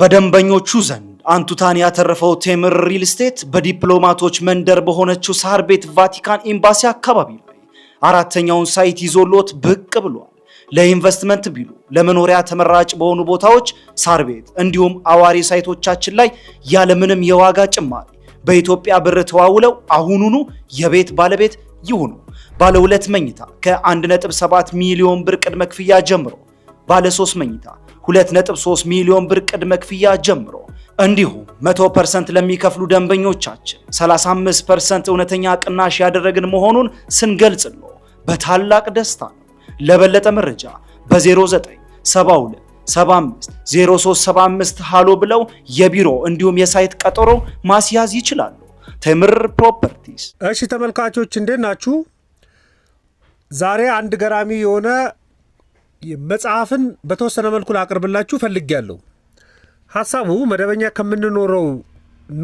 በደንበኞቹ ዘንድ አንቱታን ያተረፈው ቴምር ሪል ስቴት በዲፕሎማቶች መንደር በሆነችው ሳር ቤት ቫቲካን ኤምባሲ አካባቢ ላይ አራተኛውን ሳይት ይዞሎት ብቅ ብሏል። ለኢንቨስትመንት ቢሉ ለመኖሪያ ተመራጭ በሆኑ ቦታዎች ሳር ቤት እንዲሁም አዋሪ ሳይቶቻችን ላይ ያለምንም የዋጋ ጭማሪ በኢትዮጵያ ብር ተዋውለው አሁኑኑ የቤት ባለቤት ይሁኑ። ባለ ሁለት መኝታ ከ1.7 ሚሊዮን ብር ቅድመ ክፍያ ጀምሮ ባለ ሶስት መኝታ 2.3 ሚሊዮን ብር ቅድመ ክፍያ ጀምሮ እንዲሁም 100% ለሚከፍሉ ደንበኞቻችን 35% እውነተኛ ቅናሽ ያደረግን መሆኑን ነው በታላቅ ደስታ ነው። ለበለጠ መረጃ በ0972 75 0375 ሃሎ ብለው የቢሮ እንዲሁም የሳይት ቀጠሮ ማስያዝ ይችላሉ። ተምር ፕሮፐርቲስ። እሺ ተመልካቾች እንዴት ናችሁ? ዛሬ አንድ ገራሚ የሆነ መጽሐፍን በተወሰነ መልኩ ላቅርብላችሁ ፈልጌያለሁ። ሀሳቡ መደበኛ ከምንኖረው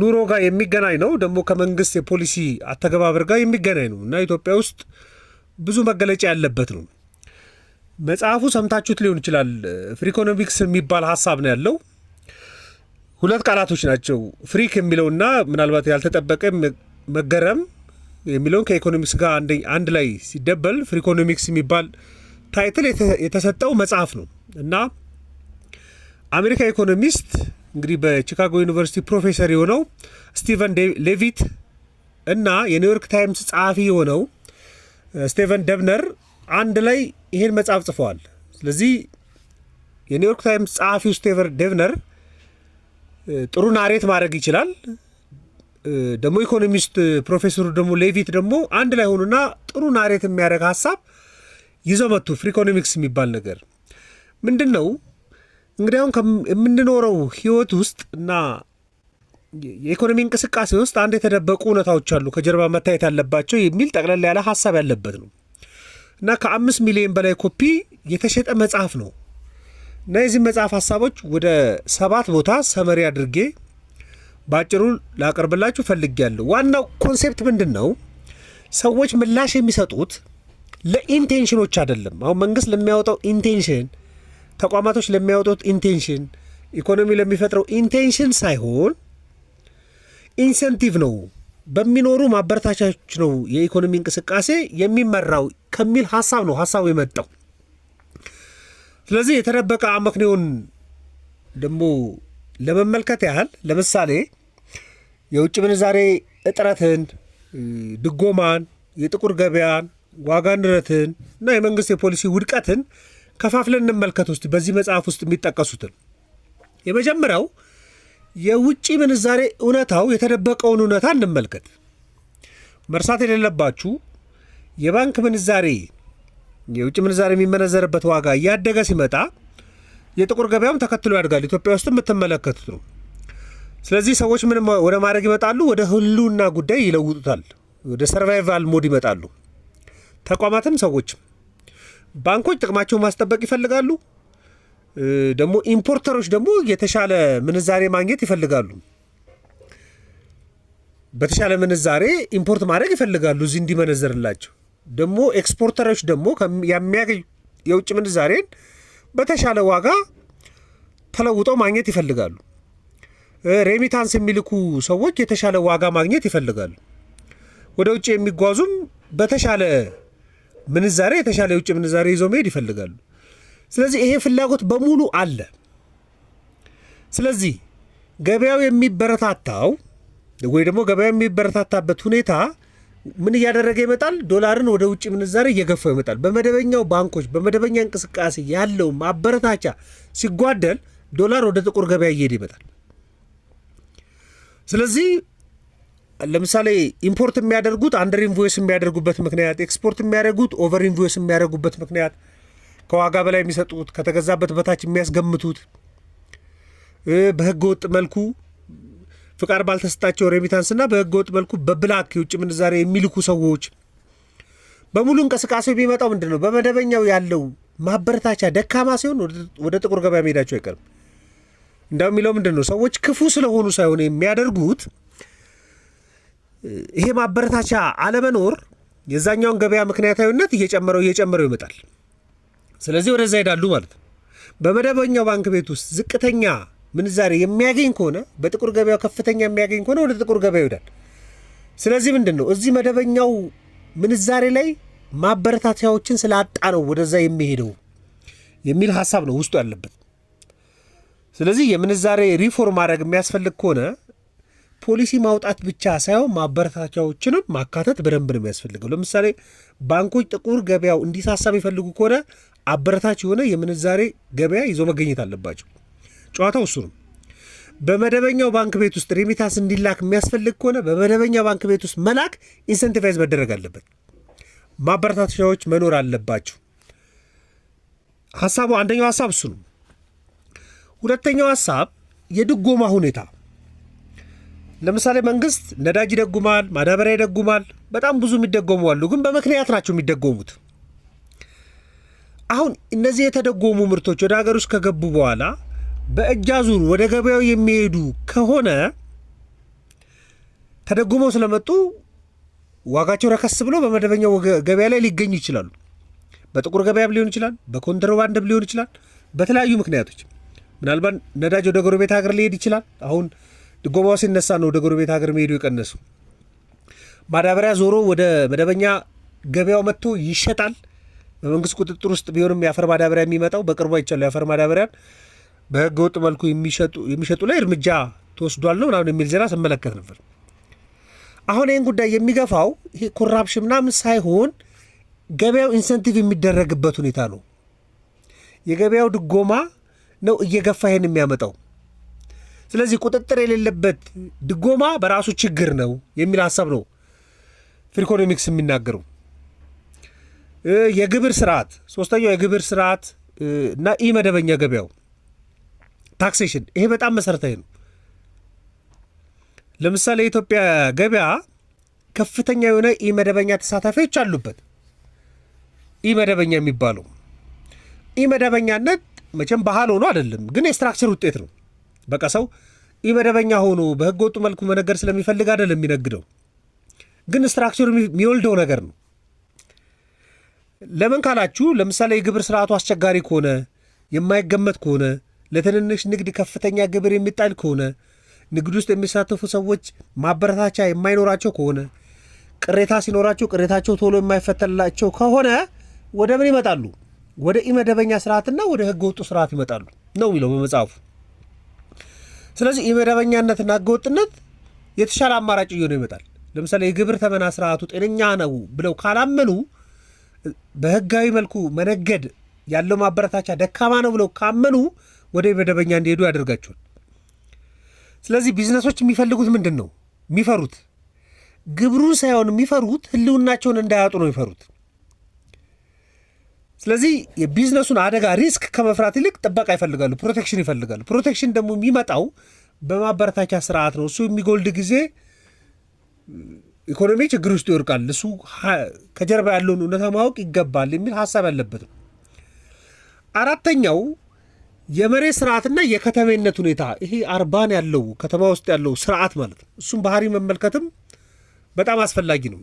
ኑሮ ጋር የሚገናኝ ነው፣ ደግሞ ከመንግስት የፖሊሲ አተገባበር ጋር የሚገናኝ ነው እና ኢትዮጵያ ውስጥ ብዙ መገለጫ ያለበት ነው። መጽሐፉ ሰምታችሁት ሊሆን ይችላል። ፍሪ ኢኮኖሚክስ የሚባል ሀሳብ ነው ያለው። ሁለት ቃላቶች ናቸው፣ ፍሪክ የሚለውና ምናልባት ያልተጠበቀ መገረም የሚለውን ከኢኮኖሚክስ ጋር አንድ ላይ ሲደበል ፍሪ ኢኮኖሚክስ የሚባል ታይትል የተሰጠው መጽሐፍ ነው እና አሜሪካ ኢኮኖሚስት እንግዲህ በቺካጎ ዩኒቨርሲቲ ፕሮፌሰር የሆነው ስቲቨን ሌቪት እና የኒውዮርክ ታይምስ ጸሐፊ የሆነው ስቴቨን ደብነር አንድ ላይ ይሄን መጽሐፍ ጽፈዋል። ስለዚህ የኒውዮርክ ታይምስ ጸሐፊው ስቴቨን ደብነር ጥሩ ናሬት ማድረግ ይችላል። ደግሞ ኢኮኖሚስት ፕሮፌሰሩ ደግሞ ሌቪት ደግሞ አንድ ላይ ሆኑና ጥሩ ናሬት የሚያደርግ ሀሳብ ይዘው መጡ። ፍሪ ኢኮኖሚክስ የሚባል ነገር ምንድን ነው እንግዲህ አሁን የምንኖረው ህይወት ውስጥ እና የኢኮኖሚ እንቅስቃሴ ውስጥ አንድ የተደበቁ እውነታዎች አሉ ከጀርባ መታየት ያለባቸው የሚል ጠቅለል ያለ ሀሳብ ያለበት ነው እና ከአምስት ሚሊዮን በላይ ኮፒ የተሸጠ መጽሐፍ ነው እና የዚህ መጽሐፍ ሀሳቦች ወደ ሰባት ቦታ ሰመሪ አድርጌ በአጭሩ ላቀርብላችሁ ፈልጌያለሁ። ዋናው ኮንሴፕት ምንድን ነው? ሰዎች ምላሽ የሚሰጡት ለኢንቴንሽኖች አይደለም። አሁን መንግስት ለሚያወጣው ኢንቴንሽን፣ ተቋማቶች ለሚያወጡት ኢንቴንሽን፣ ኢኮኖሚ ለሚፈጥረው ኢንቴንሽን ሳይሆን ኢንሰንቲቭ ነው በሚኖሩ ማበረታቻዎች ነው የኢኮኖሚ እንቅስቃሴ የሚመራው ከሚል ሀሳብ ነው ሀሳቡ የመጣው። ስለዚህ የተደበቀ አመክንዮን ደግሞ ለመመልከት ያህል ለምሳሌ የውጭ ምንዛሬ እጥረትን፣ ድጎማን፣ የጥቁር ገበያን ዋጋ ንረትን እና የመንግስት የፖሊሲ ውድቀትን ከፋፍለን እንመልከት ውስጥ በዚህ መጽሐፍ ውስጥ የሚጠቀሱትን የመጀመሪያው የውጭ ምንዛሬ እውነታው የተደበቀውን እውነታ እንመልከት። መርሳት የሌለባችሁ የባንክ ምንዛሬ የውጭ ምንዛሬ የሚመነዘርበት ዋጋ እያደገ ሲመጣ የጥቁር ገበያም ተከትሎ ያድጋል። ኢትዮጵያ ውስጥ የምትመለከቱት ነው። ስለዚህ ሰዎች ምን ወደ ማድረግ ይመጣሉ? ወደ ህልውና ጉዳይ ይለውጡታል። ወደ ሰርቫይቫል ሞድ ይመጣሉ። ተቋማትም ሰዎችም ባንኮች ጥቅማቸውን ማስጠበቅ ይፈልጋሉ። ደግሞ ኢምፖርተሮች ደግሞ የተሻለ ምንዛሬ ማግኘት ይፈልጋሉ። በተሻለ ምንዛሬ ኢምፖርት ማድረግ ይፈልጋሉ እዚህ እንዲመነዘርላቸው። ደግሞ ኤክስፖርተሮች ደግሞ የሚያገኙ የውጭ ምንዛሬን በተሻለ ዋጋ ተለውጠው ማግኘት ይፈልጋሉ። ሬሚታንስ የሚልኩ ሰዎች የተሻለ ዋጋ ማግኘት ይፈልጋሉ። ወደ ውጭ የሚጓዙም በተሻለ ምንዛሬ የተሻለ የውጭ ምንዛሬ ይዘው መሄድ ይፈልጋሉ። ስለዚህ ይሄ ፍላጎት በሙሉ አለ። ስለዚህ ገበያው የሚበረታታው ወይ ደግሞ ገበያው የሚበረታታበት ሁኔታ ምን እያደረገ ይመጣል? ዶላርን ወደ ውጭ ምንዛሬ እየገፋው ይመጣል። በመደበኛው ባንኮች በመደበኛ እንቅስቃሴ ያለው ማበረታቻ ሲጓደል ዶላር ወደ ጥቁር ገበያ እየሄድ ይመጣል። ስለዚህ ለምሳሌ ኢምፖርት የሚያደርጉት አንደር ኢንቮይስ የሚያደርጉበት ምክንያት፣ ኤክስፖርት የሚያደርጉት ኦቨር ኢንቮይስ የሚያደርጉበት ምክንያት፣ ከዋጋ በላይ የሚሰጡት፣ ከተገዛበት በታች የሚያስገምቱት፣ በህገ ወጥ መልኩ ፍቃድ ባልተሰጣቸው ሬሚታንስና በህገ ወጥ መልኩ በብላክ የውጭ ምንዛሬ የሚልኩ ሰዎች በሙሉ እንቅስቃሴ የሚመጣው ምንድን ነው በመደበኛው ያለው ማበረታቻ ደካማ ሲሆን ወደ ጥቁር ገበያ መሄዳቸው አይቀርም። እንደሚለው የሚለው ምንድን ነው ሰዎች ክፉ ስለሆኑ ሳይሆን የሚያደርጉት ይሄ ማበረታቻ አለመኖር የዛኛውን ገበያ ምክንያታዊነት እየጨመረው እየጨመረው ይመጣል። ስለዚህ ወደዛ ይሄዳሉ ማለት ነው። በመደበኛው ባንክ ቤት ውስጥ ዝቅተኛ ምንዛሬ የሚያገኝ ከሆነ በጥቁር ገበያው ከፍተኛ የሚያገኝ ከሆነ ወደ ጥቁር ገበያ ይሄዳል። ስለዚህ ምንድን ነው እዚህ መደበኛው ምንዛሬ ላይ ማበረታቻዎችን ስላጣ ነው ወደዛ የሚሄደው የሚል ሀሳብ ነው ውስጡ ያለበት። ስለዚህ የምንዛሬ ሪፎርም ማድረግ የሚያስፈልግ ከሆነ ፖሊሲ ማውጣት ብቻ ሳይሆን ማበረታቻዎችንም ማካተት በደንብ ነው የሚያስፈልገው። ለምሳሌ ባንኮች ጥቁር ገበያው እንዲሳሳ የሚፈልጉ ከሆነ አበረታች የሆነ የምንዛሬ ገበያ ይዞ መገኘት አለባቸው። ጨዋታው እሱ ነው። በመደበኛው ባንክ ቤት ውስጥ ሪሚታንስ እንዲላክ የሚያስፈልግ ከሆነ በመደበኛ ባንክ ቤት ውስጥ መላክ ኢንሰንቲቫይዝ መደረግ አለበት። ማበረታቻዎች መኖር አለባቸው። ሀሳቡ አንደኛው ሀሳብ እሱ ነው። ሁለተኛው ሀሳብ የድጎማ ሁኔታ ለምሳሌ መንግስት ነዳጅ ይደጉማል፣ ማዳበሪያ ይደጉማል። በጣም ብዙ የሚደጎሙ አሉ፣ ግን በምክንያት ናቸው የሚደጎሙት። አሁን እነዚህ የተደጎሙ ምርቶች ወደ ሀገር ውስጥ ከገቡ በኋላ በእጅ አዙር ወደ ገበያው የሚሄዱ ከሆነ ተደጉመው ስለመጡ ዋጋቸው ረከስ ብሎ በመደበኛው ገበያ ላይ ሊገኙ ይችላሉ። በጥቁር ገበያም ሊሆን ይችላል፣ በኮንትሮባንድም ሊሆን ይችላል፣ በተለያዩ ምክንያቶች ምናልባት ነዳጅ ወደ ጎረቤት ሀገር ሊሄድ ይችላል። አሁን ድጎማው ሲነሳ ነው ወደ ጎረቤት ሀገር መሄዱ የቀነሱ። ማዳበሪያ ዞሮ ወደ መደበኛ ገበያው መጥቶ ይሸጣል። በመንግስት ቁጥጥር ውስጥ ቢሆንም የአፈር ማዳበሪያ የሚመጣው በቅርቡ አይቻሉ የአፈር ማዳበሪያን በህገ ወጥ መልኩ የሚሸጡ ላይ እርምጃ ተወስዷል ነው ምናምን የሚል ዜና ስመለከት ነበር። አሁን ይህን ጉዳይ የሚገፋው ይሄ ኮራፕሽን ምናምን ሳይሆን ገበያው ኢንሰንቲቭ የሚደረግበት ሁኔታ ነው። የገበያው ድጎማ ነው እየገፋ ይሄን የሚያመጣው። ስለዚህ ቁጥጥር የሌለበት ድጎማ በራሱ ችግር ነው የሚል ሀሳብ ነው ፍሪኮኖሚክስ የሚናገረው። የግብር ስርዓት ሶስተኛው የግብር ስርዓት እና ኢ መደበኛ ገበያው ታክሴሽን፣ ይሄ በጣም መሰረታዊ ነው። ለምሳሌ የኢትዮጵያ ገበያ ከፍተኛ የሆነ ኢ መደበኛ ተሳታፊዎች አሉበት። ኢ መደበኛ የሚባለው ኢ መደበኛነት መቼም ባህል ሆኖ አይደለም፣ ግን የስትራክቸር ውጤት ነው። በቃ ሰው ኢመደበኛ ሆኖ በህገ ወጡ መልኩ መነገድ ስለሚፈልግ አይደለም የሚነግደው፣ ግን ስትራክቸር የሚወልደው ነገር ነው። ለምን ካላችሁ ለምሳሌ የግብር ስርዓቱ አስቸጋሪ ከሆነ የማይገመት ከሆነ ለትንንሽ ንግድ ከፍተኛ ግብር የሚጣል ከሆነ ንግድ ውስጥ የሚሳተፉ ሰዎች ማበረታቻ የማይኖራቸው ከሆነ ቅሬታ ሲኖራቸው ቅሬታቸው ቶሎ የማይፈተላቸው ከሆነ ወደ ምን ይመጣሉ? ወደ ኢመደበኛ ስርዓትና ወደ ህገ ወጡ ስርዓት ይመጣሉ ነው የሚለው በመጽሐፉ። ስለዚህ የመደበኛነትና ህገወጥነት የተሻለ አማራጭ እየሆነ ይመጣል። ለምሳሌ የግብር ተመና ስርዓቱ ጤነኛ ነው ብለው ካላመኑ በህጋዊ መልኩ መነገድ ያለው ማበረታቻ ደካማ ነው ብለው ካመኑ ወደ መደበኛ እንዲሄዱ ያደርጋቸዋል። ስለዚህ ቢዝነሶች የሚፈልጉት ምንድን ነው? የሚፈሩት ግብሩን ሳይሆን የሚፈሩት ህልውናቸውን እንዳያጡ ነው የሚፈሩት። ስለዚህ የቢዝነሱን አደጋ ሪስክ ከመፍራት ይልቅ ጥበቃ ይፈልጋሉ፣ ፕሮቴክሽን ይፈልጋሉ። ፕሮቴክሽን ደግሞ የሚመጣው በማበረታቻ ስርዓት ነው። እሱ የሚጎልድ ጊዜ ኢኮኖሚ ችግር ውስጥ ይወርቃል። እሱ ከጀርባ ያለውን እውነታ ማወቅ ይገባል የሚል ሀሳብ ያለበት ነው። አራተኛው የመሬት ስርዓትና የከተሜነት ሁኔታ ይሄ አርባን ያለው ከተማ ውስጥ ያለው ስርዓት ማለት ነው። እሱም ባህሪ መመልከትም በጣም አስፈላጊ ነው።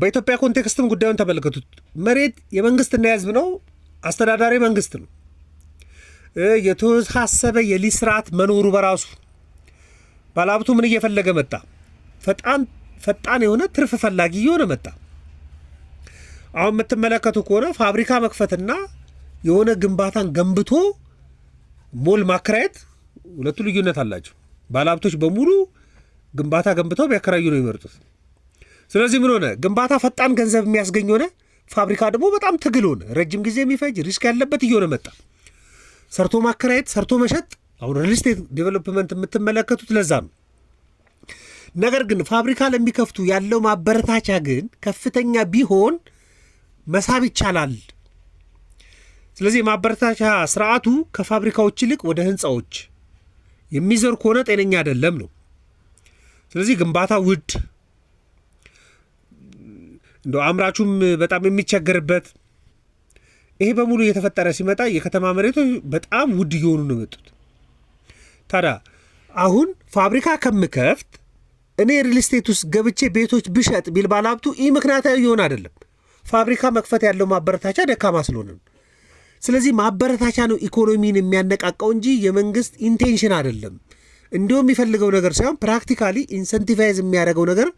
በኢትዮጵያ ኮንቴክስትም ጉዳዩን ተመልከቱት። መሬት የመንግስትና የህዝብ ነው። አስተዳዳሪ መንግስት ነው። የተወሳሰበ የሊዝ ስርዓት መኖሩ በራሱ ባለሀብቱ ምን እየፈለገ መጣ? ፈጣን ፈጣን የሆነ ትርፍ ፈላጊ እየሆነ መጣ። አሁን የምትመለከቱ ከሆነ ፋብሪካ መክፈትና የሆነ ግንባታን ገንብቶ ሞል ማከራየት ሁለቱ ልዩነት አላቸው። ባለሀብቶች በሙሉ ግንባታ ገንብተው ቢያከራዩ ነው የሚመርጡት። ስለዚህ ምን ሆነ? ግንባታ ፈጣን ገንዘብ የሚያስገኝ ሆነ። ፋብሪካ ደግሞ በጣም ትግል ሆነ። ረጅም ጊዜ የሚፈጅ ሪስክ ያለበት እየሆነ መጣ። ሰርቶ ማከራየት፣ ሰርቶ መሸጥ። አሁን ሪልስቴት ዴቨሎፕመንት የምትመለከቱት ለዛ ነው። ነገር ግን ፋብሪካ ለሚከፍቱ ያለው ማበረታቻ ግን ከፍተኛ ቢሆን መሳብ ይቻላል። ስለዚህ የማበረታቻ ስርዓቱ ከፋብሪካዎች ይልቅ ወደ ህንፃዎች የሚዘር ከሆነ ጤነኛ አይደለም ነው። ስለዚህ ግንባታ ውድ እንደ አምራቹም በጣም የሚቸገርበት ይሄ በሙሉ እየተፈጠረ ሲመጣ የከተማ መሬቶች በጣም ውድ እየሆኑ ነው የመጡት። ታዲያ አሁን ፋብሪካ ከምከፍት እኔ ሪል ስቴት ውስጥ ገብቼ ቤቶች ብሸጥ ቢል ባለሀብቱ ይህ ምክንያታዊ እየሆን አይደለም። ፋብሪካ መክፈት ያለው ማበረታቻ ደካማ ስለሆነ ነው። ስለዚህ ማበረታቻ ነው ኢኮኖሚን የሚያነቃቃው እንጂ የመንግስት ኢንቴንሽን አይደለም። እንዲሁም የሚፈልገው ነገር ሳይሆን ፕራክቲካሊ ኢንሰንቲቫይዝ የሚያደርገው ነገር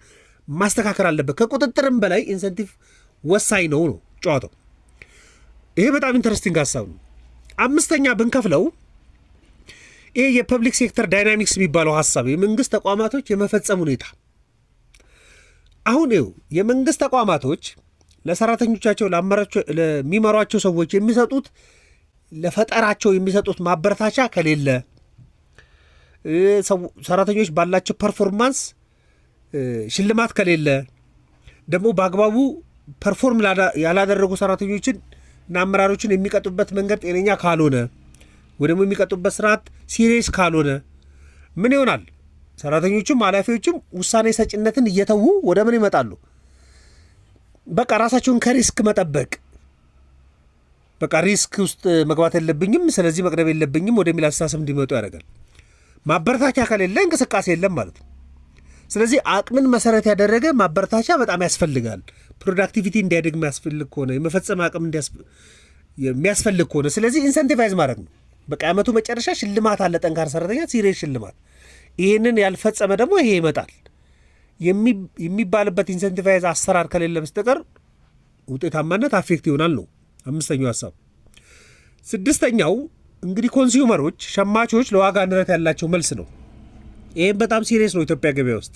ማስተካከል አለበት። ከቁጥጥርም በላይ ኢንሰንቲቭ ወሳኝ ነው ነው ጨዋታው። ይሄ በጣም ኢንተረስቲንግ ሀሳብ ነው። አምስተኛ ብንከፍለው ይሄ የፐብሊክ ሴክተር ዳይናሚክስ የሚባለው ሀሳብ የመንግስት ተቋማቶች የመፈጸም ሁኔታ አሁን ይኸው የመንግስት ተቋማቶች ለሰራተኞቻቸው ለሚመሯቸው ሰዎች የሚሰጡት ለፈጠራቸው የሚሰጡት ማበረታቻ ከሌለ ሰራተኞች ባላቸው ፐርፎርማንስ ሽልማት ከሌለ ደግሞ በአግባቡ ፐርፎርም ያላደረጉ ሰራተኞችን እና አመራሮችን የሚቀጡበት መንገድ ጤነኛ ካልሆነ ወይ ደግሞ የሚቀጡበት ስርዓት ሲሪየስ ካልሆነ ምን ይሆናል? ሰራተኞቹም ኃላፊዎችም ውሳኔ ሰጭነትን እየተዉ ወደ ምን ይመጣሉ? በቃ ራሳቸውን ከሪስክ መጠበቅ በቃ ሪስክ ውስጥ መግባት የለብኝም ስለዚህ መቅደብ የለብኝም ወደሚል አስተሳሰብ እንዲመጡ ያደርጋል። ማበረታቻ ከሌለ እንቅስቃሴ የለም ማለት ነው። ስለዚህ አቅምን መሰረት ያደረገ ማበረታቻ በጣም ያስፈልጋል። ፕሮዳክቲቪቲ እንዲያድግ የሚያስፈልግ ከሆነ የመፈጸም አቅም የሚያስፈልግ ከሆነ ስለዚህ ኢንሰንቲቫይዝ ማድረግ ነው። በቃ ዓመቱ መጨረሻ ሽልማት አለ፣ ጠንካራ ሰራተኛ ሲሪየስ ሽልማት። ይህንን ያልፈጸመ ደግሞ ይሄ ይመጣል የሚባልበት ኢንሰንቲቫይዝ አሰራር ከሌለ በስተቀር ውጤታማነት አፌክት ይሆናል ነው አምስተኛው ሀሳብ። ስድስተኛው እንግዲህ ኮንሱመሮች ሸማቾች ለዋጋ ንረት ያላቸው መልስ ነው። ይህም በጣም ሲሪየስ ነው። ኢትዮጵያ ገበያ ውስጥ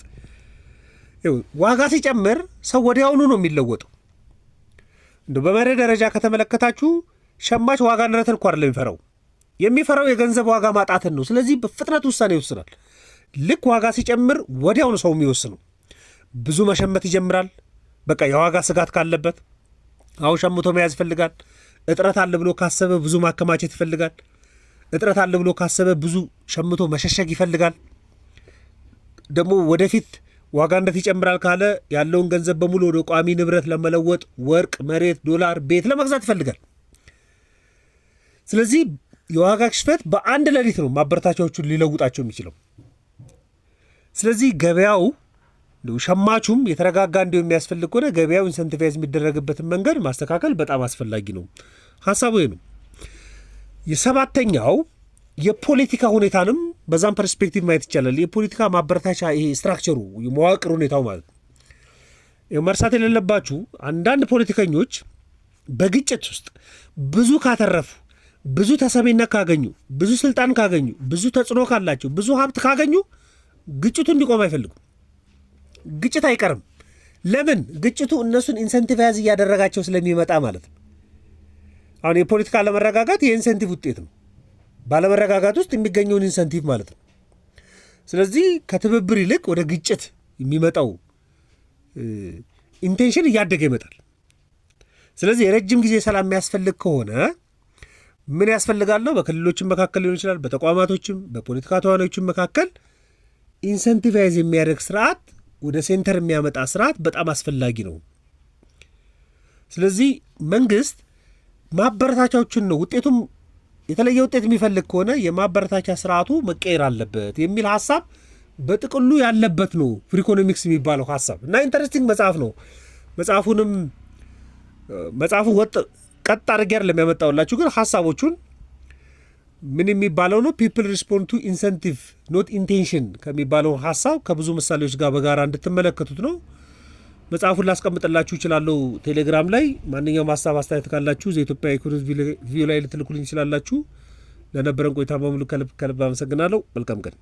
ዋጋ ሲጨምር ሰው ወዲያውኑ ነው የሚለወጠው። እንደ በመሪ ደረጃ ከተመለከታችሁ ሸማች ዋጋ ንረት እንኳ አይደለም የሚፈራው የሚፈራው የገንዘብ ዋጋ ማጣትን ነው። ስለዚህ በፍጥነት ውሳኔ ይወስናል። ልክ ዋጋ ሲጨምር ወዲያውኑ ሰው የሚወስነው ብዙ መሸመት ይጀምራል። በቃ የዋጋ ስጋት ካለበት አሁን ሸምቶ መያዝ ይፈልጋል። እጥረት አለ ብሎ ካሰበ ብዙ ማከማቸት ይፈልጋል። እጥረት አለ ብሎ ካሰበ ብዙ ሸምቶ መሸሸግ ይፈልጋል። ደግሞ ወደፊት ዋጋ ንረት ይጨምራል ካለ ያለውን ገንዘብ በሙሉ ወደ ቋሚ ንብረት ለመለወጥ ወርቅ፣ መሬት፣ ዶላር፣ ቤት ለመግዛት ይፈልጋል። ስለዚህ የዋጋ ግሽበት በአንድ ሌሊት ነው ማበረታቻዎቹን ሊለውጣቸው የሚችለው። ስለዚህ ገበያው ሸማቹም የተረጋጋ እንዲሁ የሚያስፈልግ ከሆነ ገበያው ኢንሰንቲቫይዝ የሚደረግበትን መንገድ ማስተካከል በጣም አስፈላጊ ነው። ሀሳቡ ነው። የሰባተኛው የፖለቲካ ሁኔታንም በዛም ፐርስፔክቲቭ ማየት ይቻላል። የፖለቲካ ማበረታቻ ይሄ ስትራክቸሩ መዋቅር ሁኔታው ማለት ነው። መርሳት የሌለባችሁ አንዳንድ ፖለቲከኞች በግጭት ውስጥ ብዙ ካተረፉ፣ ብዙ ተሰሚነት ካገኙ፣ ብዙ ስልጣን ካገኙ፣ ብዙ ተጽዕኖ ካላቸው፣ ብዙ ሀብት ካገኙ ግጭቱ እንዲቆም አይፈልጉም። ግጭት አይቀርም። ለምን? ግጭቱ እነሱን ኢንሰንቲቫይዝ እያደረጋቸው ስለሚመጣ ማለት ነው። አሁን የፖለቲካ አለመረጋጋት የኢንሰንቲቭ ውጤት ነው። ባለመረጋጋት ውስጥ የሚገኘውን ኢንሰንቲቭ ማለት ነው። ስለዚህ ከትብብር ይልቅ ወደ ግጭት የሚመጣው ኢንቴንሽን እያደገ ይመጣል። ስለዚህ የረጅም ጊዜ ሰላም የሚያስፈልግ ከሆነ ምን ያስፈልጋለሁ በክልሎችም መካከል ሊሆን ይችላል፣ በተቋማቶችም በፖለቲካ ተዋናዮችም መካከል ኢንሰንቲቫይዝ የሚያደርግ ስርዓት፣ ወደ ሴንተር የሚያመጣ ስርዓት በጣም አስፈላጊ ነው። ስለዚህ መንግስት ማበረታቻዎችን ነው ውጤቱም የተለየ ውጤት የሚፈልግ ከሆነ የማበረታቻ ስርዓቱ መቀየር አለበት የሚል ሀሳብ በጥቅሉ ያለበት ነው ፍሪኮኖሚክስ የሚባለው ሀሳብ እና ኢንተረስቲንግ መጽሐፍ ነው። መጽሐፉንም መጽሐፉ ወጥ ቀጥ አድርጌ ለሚያመጣውላችሁ ግን ሀሳቦቹን ምን የሚባለው ነው ፒፕል ሪስፖንድ ቱ ኢንሰንቲቭ ኖት ኢንቴንሽን ከሚባለው ሀሳብ ከብዙ ምሳሌዎች ጋር በጋራ እንድትመለከቱት ነው። መጽሐፉን ላስቀምጥላችሁ ይችላለሁ። ቴሌግራም ላይ ማንኛውም ሀሳብ አስተያየት ካላችሁ ዘኢትዮጵያ ኢኮኖሚ ቪዮ ላይ ልትልኩልኝ ይችላላችሁ። ለነበረን ቆይታ በሙሉ ከልብ ከልብ አመሰግናለሁ። መልካም ቀን